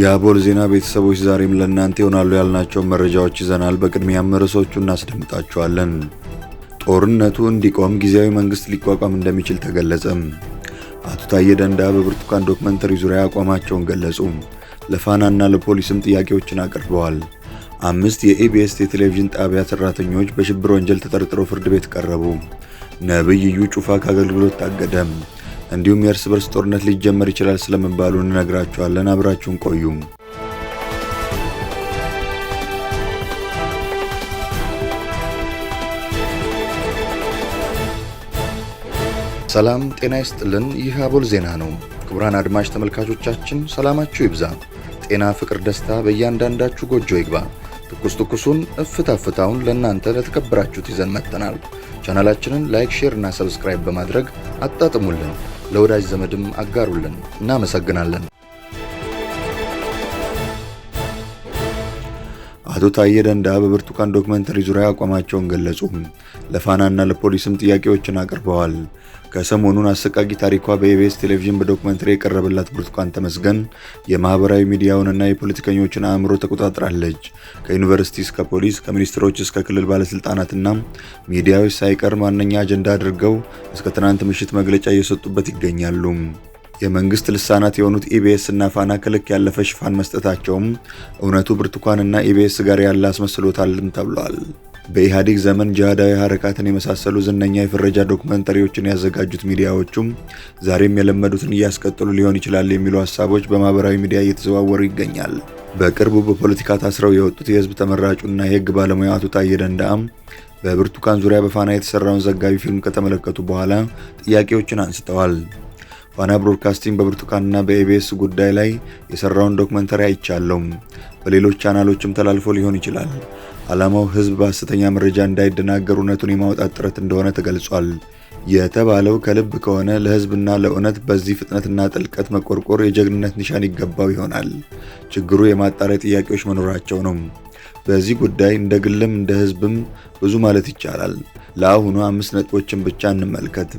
የአቦል ዜና ቤተሰቦች ዛሬም ለእናንተ ይሆናሉ ያልናቸውን መረጃዎች ይዘናል። በቅድሚያም ርዕሶቹ እናስደምጣቸዋለን። ጦርነቱ እንዲቆም ጊዜያዊ መንግስት ሊቋቋም እንደሚችል ተገለጸም። አቶ ታዬ ደንዳ በብርቱካን ዶክመንተሪ ዙሪያ አቋማቸውን ገለጹ። ለፋናና ለፖሊስም ጥያቄዎችን አቅርበዋል። አምስት የኢቢኤስ የቴሌቪዥን ጣቢያ ሰራተኞች በሽብር ወንጀል ተጠርጥረው ፍርድ ቤት ቀረቡ። ነብይ እዩ ጩፋ ከአገልግሎት ታገደም። እንዲሁም የእርስ በርስ ጦርነት ሊጀመር ይችላል ስለመባሉ እንነግራችኋለን። አብራችሁን ቆዩም። ሰላም ጤና ይስጥልን። ይህ አቦል ዜና ነው። ክቡራን አድማጭ ተመልካቾቻችን ሰላማችሁ ይብዛ፣ ጤና፣ ፍቅር፣ ደስታ በእያንዳንዳችሁ ጎጆ ይግባ። ትኩስ ትኩሱን እፍታ ፍታውን ለእናንተ ለተከበራችሁት ይዘን መጥተናል። ቻናላችንን ላይክ፣ ሼር እና ሰብስክራይብ በማድረግ አጣጥሙልን ለወዳጅ ዘመድም አጋሩልን። እናመሰግናለን። አቶ ታዬ ደንዳ በብርቱካን ዶክመንተሪ ዙሪያ አቋማቸውን ገለጹ። ለፋናና ለፖሊስም ጥያቄዎችን አቅርበዋል። ከሰሞኑን አሰቃቂ ታሪኳ በኢቢኤስ ቴሌቪዥን በዶክመንተሪ የቀረበላት ብርቱካን ተመስገን የማህበራዊ ሚዲያውንና የፖለቲከኞችን አእምሮ ተቆጣጥራለች። ከዩኒቨርሲቲ እስከ ፖሊስ፣ ከሚኒስትሮች እስከ ክልል ባለስልጣናትና ሚዲያዎች ሳይቀር ዋነኛ አጀንዳ አድርገው እስከ ትናንት ምሽት መግለጫ እየሰጡበት ይገኛሉ። የመንግስት ልሳናት የሆኑት ኢቢኤስ e እና ፋና ከልክ ያለፈ ሽፋን መስጠታቸውም እውነቱ ብርቱካንና ኢቢኤስ e ጋር ያለ አስመስሎታልም ተብሏል። በኢህአዴግ ዘመን ጅሃዳዊ ሀረካትን የመሳሰሉ ዝነኛ የፍረጃ ዶክመንተሪዎችን ያዘጋጁት ሚዲያዎቹም ዛሬም የለመዱትን እያስቀጠሉ ሊሆን ይችላል የሚሉ ሀሳቦች በማህበራዊ ሚዲያ እየተዘዋወሩ ይገኛል። በቅርቡ በፖለቲካ ታስረው የወጡት የህዝብ ተመራጩና የህግ ባለሙያ አቶ ታዬ በብርቱካን ዙሪያ በፋና የተሰራውን ዘጋቢ ፊልም ከተመለከቱ በኋላ ጥያቄዎችን አንስተዋል። ፋና ብሮድካስቲንግ በብርቱካንና በኤቢኤስ ጉዳይ ላይ የሰራውን ዶክመንተሪ አይቻለሁ። በሌሎች ቻናሎችም ተላልፎ ሊሆን ይችላል። ዓላማው ህዝብ በሐሰተኛ መረጃ እንዳይደናገር እውነቱን የማውጣት ጥረት እንደሆነ ተገልጿል። የተባለው ከልብ ከሆነ ለህዝብና ለእውነት በዚህ ፍጥነትና ጥልቀት መቆርቆር የጀግንነት ኒሻን ይገባው ይሆናል። ችግሩ የማጣሪያ ጥያቄዎች መኖራቸው ነው። በዚህ ጉዳይ እንደ ግልም እንደ ህዝብም ብዙ ማለት ይቻላል። ለአሁኑ አምስት ነጥቦችን ብቻ እንመልከት።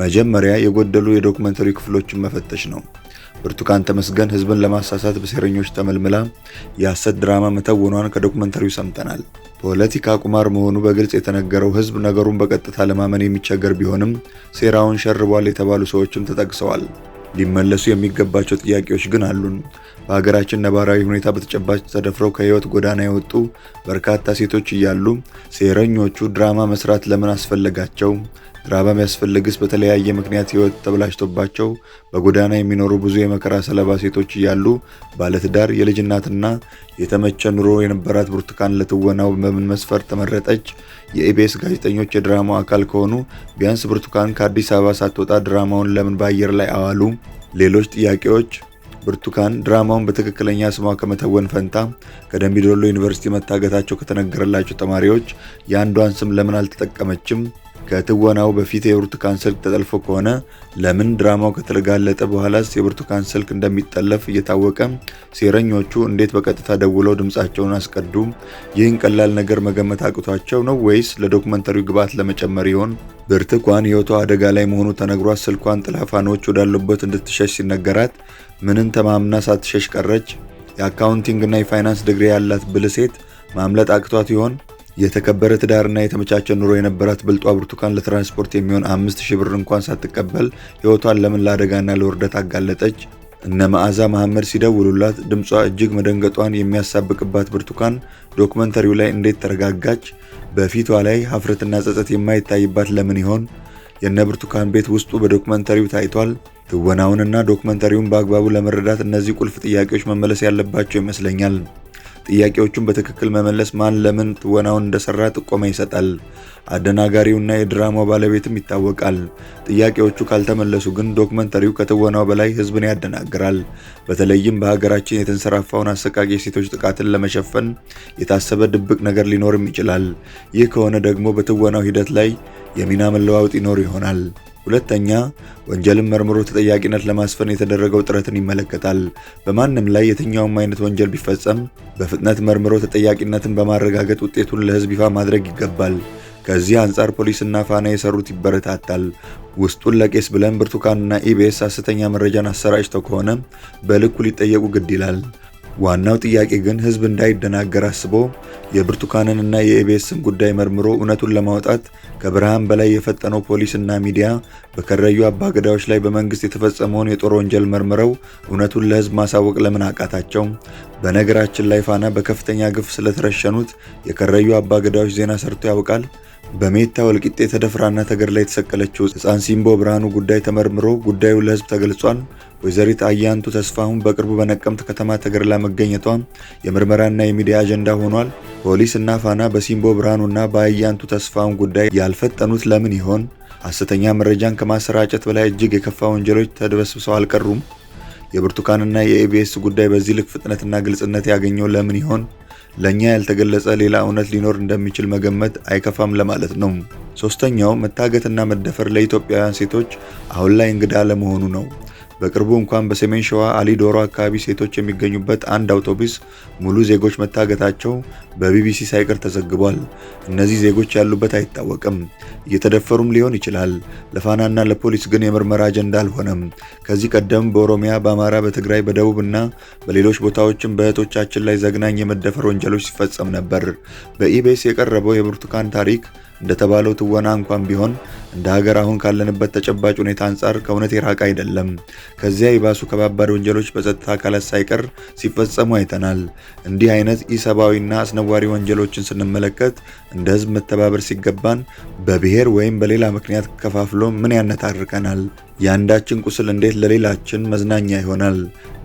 መጀመሪያ የጎደሉ የዶክመንተሪ ክፍሎችን መፈተሽ ነው። ብርቱካን ተመስገን ህዝብን ለማሳሳት በሴረኞች ተመልምላ የሐሰት ድራማ መተወኗን ከዶክመንተሪው ሰምተናል። ፖለቲካ ቁማር መሆኑ በግልጽ የተነገረው ህዝብ ነገሩን በቀጥታ ለማመን የሚቸገር ቢሆንም ሴራውን ሸርቧል የተባሉ ሰዎችም ተጠቅሰዋል። ሊመለሱ የሚገባቸው ጥያቄዎች ግን አሉን። በሀገራችን ነባራዊ ሁኔታ በተጨባጭ ተደፍረው ከህይወት ጎዳና የወጡ በርካታ ሴቶች እያሉ ሴረኞቹ ድራማ መስራት ለምን አስፈለጋቸው? ራባም ያስፈለግስ በተለያየ ምክንያት ህይወት ተበላሽቶባቸው በጎዳና የሚኖሩ ብዙ የመከራ ሰለባ ሴቶች እያሉ ባለትዳር የልጅ እናትና የተመቸ ኑሮ የነበራት ብርቱካን ለትወናው በምን መስፈር ተመረጠች? የኢቢኤስ ጋዜጠኞች የድራማው አካል ከሆኑ ቢያንስ ብርቱካን ከአዲስ አበባ ሳትወጣ ድራማውን ለምን በአየር ላይ አዋሉ? ሌሎች ጥያቄዎች ብርቱካን ድራማውን በትክክለኛ ስሟ ከመተወን ፈንታ ከደምቢዶሎ ዩኒቨርሲቲ መታገታቸው ከተነገረላቸው ተማሪዎች የአንዷን ስም ለምን አልተጠቀመችም? ከትወናው በፊት የብርቱካን ስልክ ተጠልፎ ከሆነ ለምን ድራማው ከተጋለጠ በኋላስ የብርቱካን ስልክ እንደሚጠለፍ እየታወቀ ሴረኞቹ እንዴት በቀጥታ ደውለው ድምፃቸውን አስቀዱ? ይህን ቀላል ነገር መገመት አቅቷቸው ነው ወይስ ለዶክመንተሪው ግብዓት ለመጨመር ይሆን? ብርቱካን ሕይወቷ አደጋ ላይ መሆኑ ተነግሯት ስልኳን ጥላፋኖች ወዳሉበት እንድትሸሽ ሲነገራት ምንን ተማምና ሳትሸሽ ቀረች? የአካውንቲንግና የፋይናንስ ዲግሪ ያላት ብልህ ሴት ማምለጥ አቅቷት ይሆን? የተከበረ ትዳርና የተመቻቸ ኑሮ የነበራት ብልጧ ብርቱካን ለትራንስፖርት የሚሆን አምስት ሺህ ብር እንኳን ሳትቀበል ሕይወቷን ለምን ለአደጋና ለውርደት አጋለጠች? እነ መዓዛ መሐመድ ሲደውሉላት ድምጿ እጅግ መደንገጧን የሚያሳብቅባት ብርቱካን ዶክመንተሪው ላይ እንዴት ተረጋጋች? በፊቷ ላይ ሀፍረትና ጸጸት የማይታይባት ለምን ይሆን? የነ ብርቱካን ቤት ውስጡ በዶክመንተሪው ታይቷል። ትወናውንና ዶክመንተሪውን በአግባቡ ለመረዳት እነዚህ ቁልፍ ጥያቄዎች መመለስ ያለባቸው ይመስለኛል። ጥያቄዎቹን በትክክል መመለስ ማን ለምን ትወናውን እንደሰራ ጥቆማ ይሰጣል። አደናጋሪውና የድራማው ባለቤትም ይታወቃል። ጥያቄዎቹ ካልተመለሱ ግን ዶክመንተሪው ከትወናው በላይ ህዝብን ያደናግራል። በተለይም በሀገራችን የተንሰራፋውን አሰቃቂ የሴቶች ጥቃትን ለመሸፈን የታሰበ ድብቅ ነገር ሊኖርም ይችላል። ይህ ከሆነ ደግሞ በትወናው ሂደት ላይ የሚና መለዋወጥ ይኖር ይሆናል። ሁለተኛ ወንጀልን መርምሮ ተጠያቂነት ለማስፈን የተደረገው ጥረትን ይመለከታል። በማንም ላይ የትኛውም አይነት ወንጀል ቢፈጸም በፍጥነት መርምሮ ተጠያቂነትን በማረጋገጥ ውጤቱን ለሕዝብ ይፋ ማድረግ ይገባል። ከዚህ አንጻር ፖሊስና ፋና የሰሩት ይበረታታል። ውስጡን ለቄስ ብለን ብርቱካንና ኢቢኤስ ሐሰተኛ መረጃን አሰራጭተው ከሆነ በልኩ ሊጠየቁ ግድ ይላል። ዋናው ጥያቄ ግን ህዝብ እንዳይደናገር አስቦ የብርቱካንንና የኢቢኤስን ጉዳይ መርምሮ እውነቱን ለማውጣት ከብርሃን በላይ የፈጠነው ፖሊስና ሚዲያ በከረዩ አባገዳዮች ላይ በመንግስት የተፈጸመውን የጦር ወንጀል መርምረው እውነቱን ለህዝብ ማሳወቅ ለምን አቃታቸው? በነገራችን ላይ ፋና በከፍተኛ ግፍ ስለተረሸኑት የከረዩ አባገዳዮች ዜና ሰርቶ ያውቃል? በሜታ ወልቂጤ ተደፍራና ተገድላ የተሰቀለችው ህፃን ሲምቦ ብርሃኑ ጉዳይ ተመርምሮ ጉዳዩ ለህዝብ ተገልጿል። ወይዘሪት አያንቱ ተስፋሁን በቅርቡ በነቀምት ከተማ ተገድላ መገኘቷ የምርመራና የሚዲያ አጀንዳ ሆኗል። ፖሊስ እና ፋና በሲምቦ ብርሃኑና በአያንቱ ተስፋሁን ጉዳይ ያልፈጠኑት ለምን ይሆን? ሐሰተኛ መረጃን ከማሰራጨት በላይ እጅግ የከፋ ወንጀሎች ተደበስብሰው አልቀሩም። የብርቱካንና የኢቢኤስ ጉዳይ በዚህ ልክ ፍጥነትና ግልጽነት ያገኘው ለምን ይሆን? ለእኛ ያልተገለጸ ሌላ እውነት ሊኖር እንደሚችል መገመት አይከፋም ለማለት ነው። ሶስተኛው መታገትና መደፈር ለኢትዮጵያውያን ሴቶች አሁን ላይ እንግዳ ለመሆኑ ነው። በቅርቡ እንኳን በሰሜን ሸዋ አሊዶሮ አካባቢ ሴቶች የሚገኙበት አንድ አውቶቡስ ሙሉ ዜጎች መታገታቸው በቢቢሲ ሳይቀር ተዘግቧል። እነዚህ ዜጎች ያሉበት አይታወቅም፣ እየተደፈሩም ሊሆን ይችላል። ለፋናና ለፖሊስ ግን የምርመራ አጀንዳ አልሆነም። ከዚህ ቀደም በኦሮሚያ፣ በአማራ፣ በትግራይ፣ በደቡብ እና በሌሎች ቦታዎችም በእህቶቻችን ላይ ዘግናኝ የመደፈር ወንጀሎች ሲፈጸም ነበር። በኢቤስ የቀረበው የብርቱካን ታሪክ እንደተባለው ትወና እንኳን ቢሆን እንደ ሀገር አሁን ካለንበት ተጨባጭ ሁኔታ አንጻር ከእውነት የራቀ አይደለም። ከዚያ የባሱ ከባባድ ወንጀሎች በጸጥታ አካላት ሳይቀር ሲፈጸሙ አይተናል። እንዲህ አይነት ኢሰብአዊና አስነዋሪ ወንጀሎችን ስንመለከት እንደ ሕዝብ መተባበር ሲገባን በብሔር ወይም በሌላ ምክንያት ከፋፍሎ ምን ያነታርከናል? የአንዳችን ቁስል እንዴት ለሌላችን መዝናኛ ይሆናል?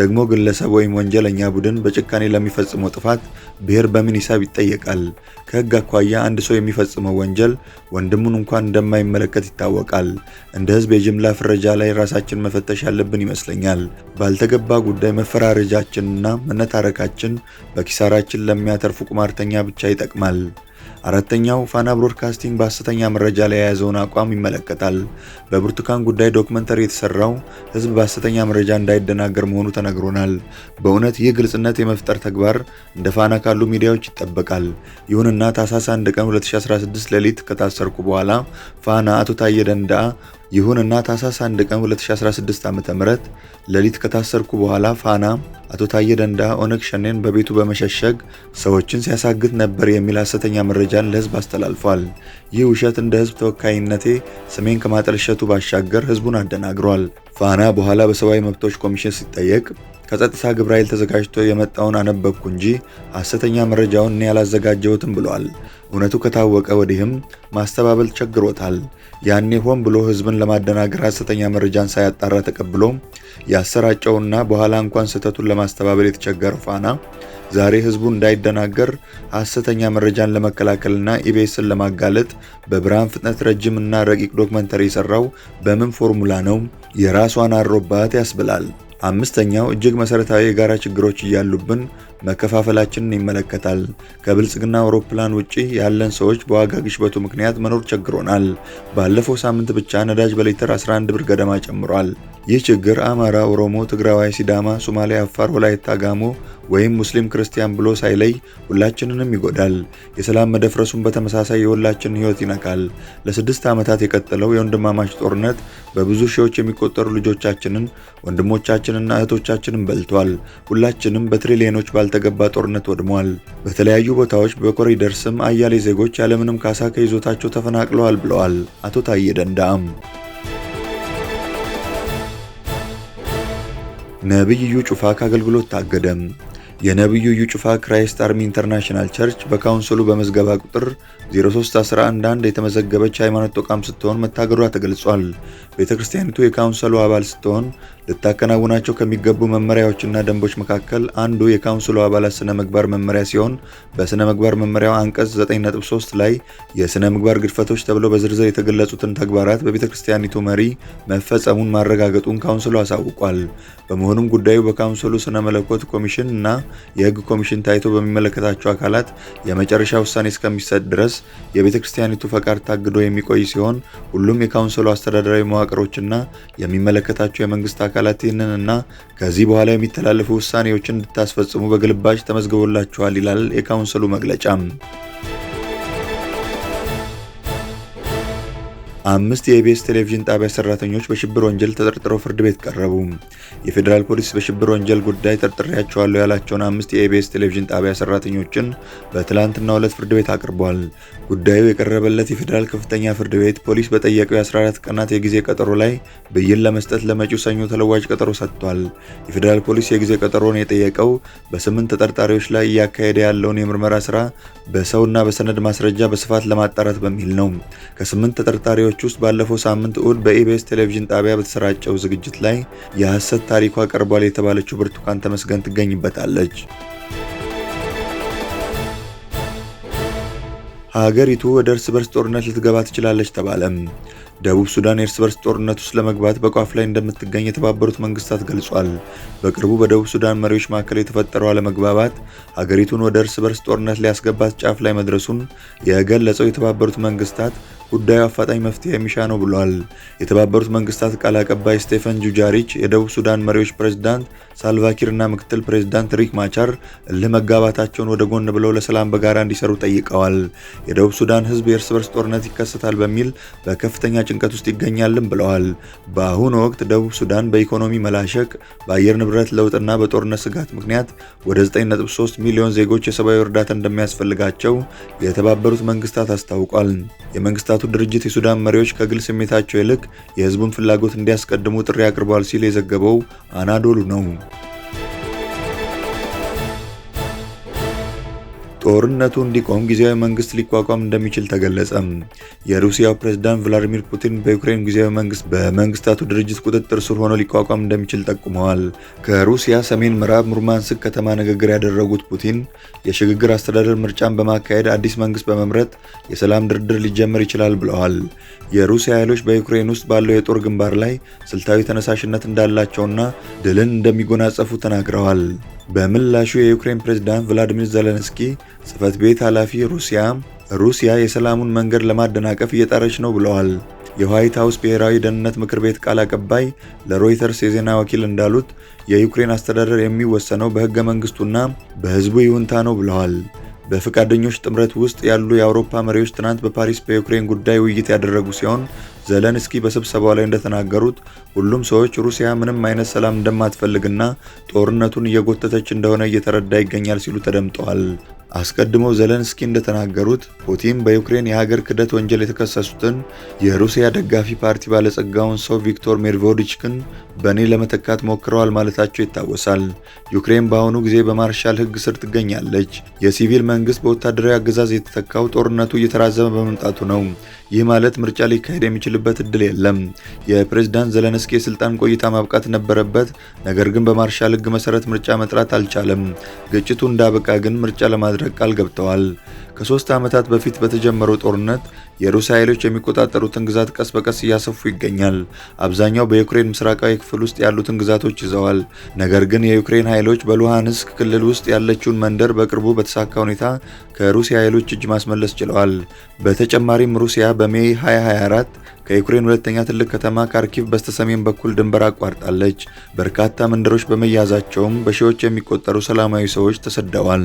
ደግሞ ግለሰብ ወይም ወንጀለኛ ቡድን በጭካኔ ለሚፈጽመው ጥፋት ብሔር በምን ሂሳብ ይጠየቃል? ከህግ አኳያ አንድ ሰው የሚፈጽመው ወንጀል ወንድሙን እንኳን እንደማይመለከት ይታወቃል። እንደ ህዝብ የጅምላ ፍረጃ ላይ ራሳችን መፈተሽ ያለብን ይመስለኛል። ባልተገባ ጉዳይ መፈራረጃችንና መነታረካችን በኪሳራችን ለሚያተርፉ ቁማርተኛ ብቻ ይጠቅማል። አራተኛው ፋና ብሮድካስቲንግ በሐሰተኛ መረጃ ላይ የያዘውን አቋም ይመለከታል። በብርቱካን ጉዳይ ዶክመንተሪ የተሰራው ህዝብ በሐሰተኛ መረጃ እንዳይደናገር መሆኑ ተነግሮናል። በእውነት ይህ ግልጽነት የመፍጠር ተግባር እንደ ፋና ካሉ ሚዲያዎች ይጠበቃል። ይሁንና ታህሳስ 1 ቀን 2016 ሌሊት ከታሰርኩ በኋላ ፋና አቶ ታዬ ይሁንና ታህሳስ 1 ቀን 2016 ዓ.ም ሌሊት ከታሰርኩ በኋላ ፋና አቶ ታየ ደንዳ ኦነግ ሸኔን በቤቱ በመሸሸግ ሰዎችን ሲያሳግት ነበር የሚል ሐሰተኛ መረጃን ለህዝብ አስተላልፏል። ይህ ውሸት እንደ ህዝብ ተወካይነቴ ስሜን ከማጠልሸቱ ባሻገር ሕዝቡን አደናግሯል። ፋና በኋላ በሰብአዊ መብቶች ኮሚሽን ሲጠየቅ ከጸጥታ ግብረ ኃይል ተዘጋጅቶ የመጣውን አነበብኩ እንጂ ሐሰተኛ መረጃውን እኔ ያላዘጋጀሁትም ብሏል። እውነቱ ከታወቀ ወዲህም ማስተባበል ቸግሮታል። ያኔ ሆን ብሎ ህዝብን ለማደናገር ሐሰተኛ መረጃን ሳያጣራ ተቀብሎ ያሰራጨውና በኋላ እንኳን ስህተቱን ለማስተባበል የተቸገረው ፋና ዛሬ ህዝቡ እንዳይደናገር ሐሰተኛ መረጃን ለመከላከልና ኢቢኤስን ለማጋለጥ በብርሃን ፍጥነት ረጅም እና ረቂቅ ዶክመንተሪ የሰራው በምን ፎርሙላ ነው? የራሷን አሮባት ያስብላል። አምስተኛው እጅግ መሰረታዊ የጋራ ችግሮች እያሉብን መከፋፈላችንን ይመለከታል። ከብልጽግና አውሮፕላን ውጪ ያለን ሰዎች በዋጋ ግሽበቱ ምክንያት መኖር ቸግሮናል። ባለፈው ሳምንት ብቻ ነዳጅ በሊትር 11 ብር ገደማ ጨምሯል። ይህ ችግር አማራ፣ ኦሮሞ፣ ትግራዋይ፣ ሲዳማ፣ ሶማሌ፣ አፋር፣ ወላይታ፣ ጋሞ ወይም ሙስሊም ክርስቲያን ብሎ ሳይለይ ሁላችንንም ይጎዳል። የሰላም መደፍረሱን በተመሳሳይ የሁላችንን ሕይወት ይነካል። ለስድስት ዓመታት የቀጠለው የወንድማማች ጦርነት በብዙ ሺዎች የሚቆጠሩ ልጆቻችንን ወንድሞቻችን ወንድሞቻችንና እህቶቻችንን በልቷል። ሁላችንም በትሪሊዮኖች ባልተገባ ጦርነት ወድሟል። በተለያዩ ቦታዎች በኮሪደር ስም አያሌ ዜጎች ያለምንም ካሳ ከይዞታቸው ተፈናቅለዋል ብለዋል አቶ ታዬ ደንዳአም። ነቢዩ ጩፋ ከአገልግሎት ታገደም። የነቢዩ እዩ ጩፋ ክራይስት አርሚ ኢንተርናሽናል ቸርች በካውንስሉ በመዝገባ ቁጥር 03111 የተመዘገበች ሃይማኖት ተቋም ስትሆን መታገዷ ተገልጿል። ቤተ ክርስቲያኒቱ የካውንስሉ አባል ስትሆን ልታከናውናቸው ከሚገቡ መመሪያዎችና ደንቦች መካከል አንዱ የካውንስሉ አባላት ስነ ምግባር መመሪያ ሲሆን በስነ ምግባር መመሪያው አንቀጽ 9.3 ላይ የስነ ምግባር ግድፈቶች ተብለው በዝርዝር የተገለጹትን ተግባራት በቤተ ክርስቲያኒቱ መሪ መፈጸሙን ማረጋገጡን ካውንስሉ አሳውቋል። በመሆኑም ጉዳዩ በካውንስሉ ስነ መለኮት ኮሚሽን እና የህግ ኮሚሽን ታይቶ በሚመለከታቸው አካላት የመጨረሻ ውሳኔ እስከሚሰጥ ድረስ የቤተ ክርስቲያኒቱ ፈቃድ ታግዶ የሚቆይ ሲሆን ሁሉም የካውንስሉ አስተዳደራዊ መዋቅሮችና የሚመለከታቸው የመንግስት አካላት እና ከዚህ በኋላ የሚተላለፉ ውሳኔዎችን እንድታስፈጽሙ በግልባጭ ተመዝግቦላችኋል ይላል የካውንስሉ መግለጫም። አምስት የኢቢኤስ ቴሌቪዥን ጣቢያ ሰራተኞች በሽብር ወንጀል ተጠርጥረው ፍርድ ቤት ቀረቡ። የፌዴራል ፖሊስ በሽብር ወንጀል ጉዳይ ጠርጥሬያቸዋለሁ ያላቸውን አምስት የኢቢኤስ ቴሌቪዥን ጣቢያ ሰራተኞችን በትላንትናው ዕለት ፍርድ ቤት አቅርቧል። ጉዳዩ የቀረበለት የፌዴራል ከፍተኛ ፍርድ ቤት ፖሊስ በጠየቀው የ14 ቀናት የጊዜ ቀጠሮ ላይ ብይን ለመስጠት ለመጪው ሰኞ ተለዋጭ ቀጠሮ ሰጥቷል። የፌዴራል ፖሊስ የጊዜ ቀጠሮን የጠየቀው በስምንት ተጠርጣሪዎች ላይ እያካሄደ ያለውን የምርመራ ስራ በሰውና በሰነድ ማስረጃ በስፋት ለማጣራት በሚል ነው። ከስምንት ተጠርጣሪዎች ውስጥ ባለፈው ሳምንት እሁድ በኢቢኤስ ቴሌቪዥን ጣቢያ በተሰራጨው ዝግጅት ላይ የሐሰት ታሪኳ ቀርቧል የተባለችው ብርቱካን ተመስገን ትገኝበታለች። ሀገሪቱ ወደ እርስ በርስ ጦርነት ልትገባ ትችላለች ተባለም። ደቡብ ሱዳን የእርስ በርስ ጦርነት ውስጥ ለመግባት በቋፍ ላይ እንደምትገኝ የተባበሩት መንግስታት ገልጿል። በቅርቡ በደቡብ ሱዳን መሪዎች መካከል የተፈጠረው አለመግባባት ሀገሪቱን ወደ እርስ በርስ ጦርነት ሊያስገባት ጫፍ ላይ መድረሱን የገለጸው የተባበሩት መንግስታት ጉዳዩ አፋጣኝ መፍትሄ የሚሻ ነው ብሏል። የተባበሩት መንግስታት ቃል አቀባይ ስቴፈን ጁጃሪች የደቡብ ሱዳን መሪዎች ፕሬዝዳንት እና ምክትል ፕሬዝዳንት ሪክ ማቻር እልህ መጋባታቸውን ወደ ጎን ብለው ለሰላም በጋራ እንዲሰሩ ጠይቀዋል። የደቡብ ሱዳን ህዝብ የእርስ በርስ ጦርነት ይከሰታል በሚል በከፍተኛ ጭንቀት ውስጥ ይገኛልም ብለዋል። በአሁኑ ወቅት ደቡብ ሱዳን በኢኮኖሚ መላሸቅ፣ በአየር ንብረት ለውጥና በጦርነት ስጋት ምክንያት ወደ 9.3 ሚሊዮን ዜጎች የሰብአዊ እርዳታ እንደሚያስፈልጋቸው የተባበሩት መንግስታት አስታውቋል። የመንግስታቱ የመንግስታቱ ድርጅት የሱዳን መሪዎች ከግል ስሜታቸው ይልቅ የህዝቡን ፍላጎት እንዲያስቀድሙ ጥሪ አቅርቧል ሲል የዘገበው አናዶሉ ነው። ጦርነቱ እንዲቆም ጊዜያዊ መንግስት ሊቋቋም እንደሚችል ተገለጸ። የሩሲያው ፕሬዝዳንት ቭላዲሚር ፑቲን በዩክሬን ጊዜያዊ መንግስት በመንግስታቱ ድርጅት ቁጥጥር ስር ሆኖ ሊቋቋም እንደሚችል ጠቁመዋል። ከሩሲያ ሰሜን ምዕራብ ሙርማንስክ ከተማ ንግግር ያደረጉት ፑቲን የሽግግር አስተዳደር ምርጫን በማካሄድ አዲስ መንግስት በመምረጥ የሰላም ድርድር ሊጀመር ይችላል ብለዋል። የሩሲያ ኃይሎች በዩክሬን ውስጥ ባለው የጦር ግንባር ላይ ስልታዊ ተነሳሽነት እንዳላቸውና ድልን እንደሚጎናጸፉ ተናግረዋል። በምላሹ የዩክሬን ፕሬዝዳንት ቭላዲሚር ዘለንስኪ ጽህፈት ቤት ኃላፊ ሩሲያ ሩሲያ የሰላሙን መንገድ ለማደናቀፍ እየጣረች ነው ብለዋል። የዋይት ሃውስ ብሔራዊ ደህንነት ምክር ቤት ቃል አቀባይ ለሮይተርስ የዜና ወኪል እንዳሉት የዩክሬን አስተዳደር የሚወሰነው በህገ መንግስቱና በህዝቡ ይሁንታ ነው ብለዋል። በፈቃደኞች ጥምረት ውስጥ ያሉ የአውሮፓ መሪዎች ትናንት በፓሪስ በዩክሬን ጉዳይ ውይይት ያደረጉ ሲሆን ዘለንስኪ በስብሰባው ላይ እንደተናገሩት ሁሉም ሰዎች ሩሲያ ምንም አይነት ሰላም እንደማትፈልግና ጦርነቱን እየጎተተች እንደሆነ እየተረዳ ይገኛል ሲሉ ተደምጠዋል። አስቀድመው ዘለንስኪ እንደተናገሩት ፑቲን በዩክሬን የሀገር ክደት ወንጀል የተከሰሱትን የሩሲያ ደጋፊ ፓርቲ ባለጸጋውን ሰው ቪክቶር ሜድቬዲችክን በእኔ ለመተካት ሞክረዋል ማለታቸው ይታወሳል። ዩክሬን በአሁኑ ጊዜ በማርሻል ሕግ ስር ትገኛለች። የሲቪል መንግስት በወታደራዊ አገዛዝ የተተካው ጦርነቱ እየተራዘመ በመምጣቱ ነው። ይህ ማለት ምርጫ ሊካሄድ የሚችልበት እድል የለም። የፕሬዝዳንት ዘለንስኪ የስልጣን ቆይታ ማብቃት ነበረበት። ነገር ግን በማርሻል ህግ መሰረት ምርጫ መጥራት አልቻለም። ግጭቱ እንዳበቃ ግን ምርጫ ለማድረግ ቃል ገብተዋል። ከሶስት ዓመታት በፊት በተጀመረው ጦርነት የሩሲያ ኃይሎች የሚቆጣጠሩትን ግዛት ቀስ በቀስ እያሰፉ ይገኛል። አብዛኛው በዩክሬን ምስራቃዊ ክፍል ውስጥ ያሉትን ግዛቶች ይዘዋል። ነገር ግን የዩክሬን ኃይሎች በሉሃንስክ ክልል ውስጥ ያለችውን መንደር በቅርቡ በተሳካ ሁኔታ ከሩሲያ ኃይሎች እጅ ማስመለስ ችለዋል። በተጨማሪም ሩሲያ በሜይ 2024 ከዩክሬን ሁለተኛ ትልቅ ከተማ ካርኪቭ በስተሰሜን በኩል ድንበር አቋርጣለች። በርካታ መንደሮች በመያዛቸውም በሺዎች የሚቆጠሩ ሰላማዊ ሰዎች ተሰደዋል።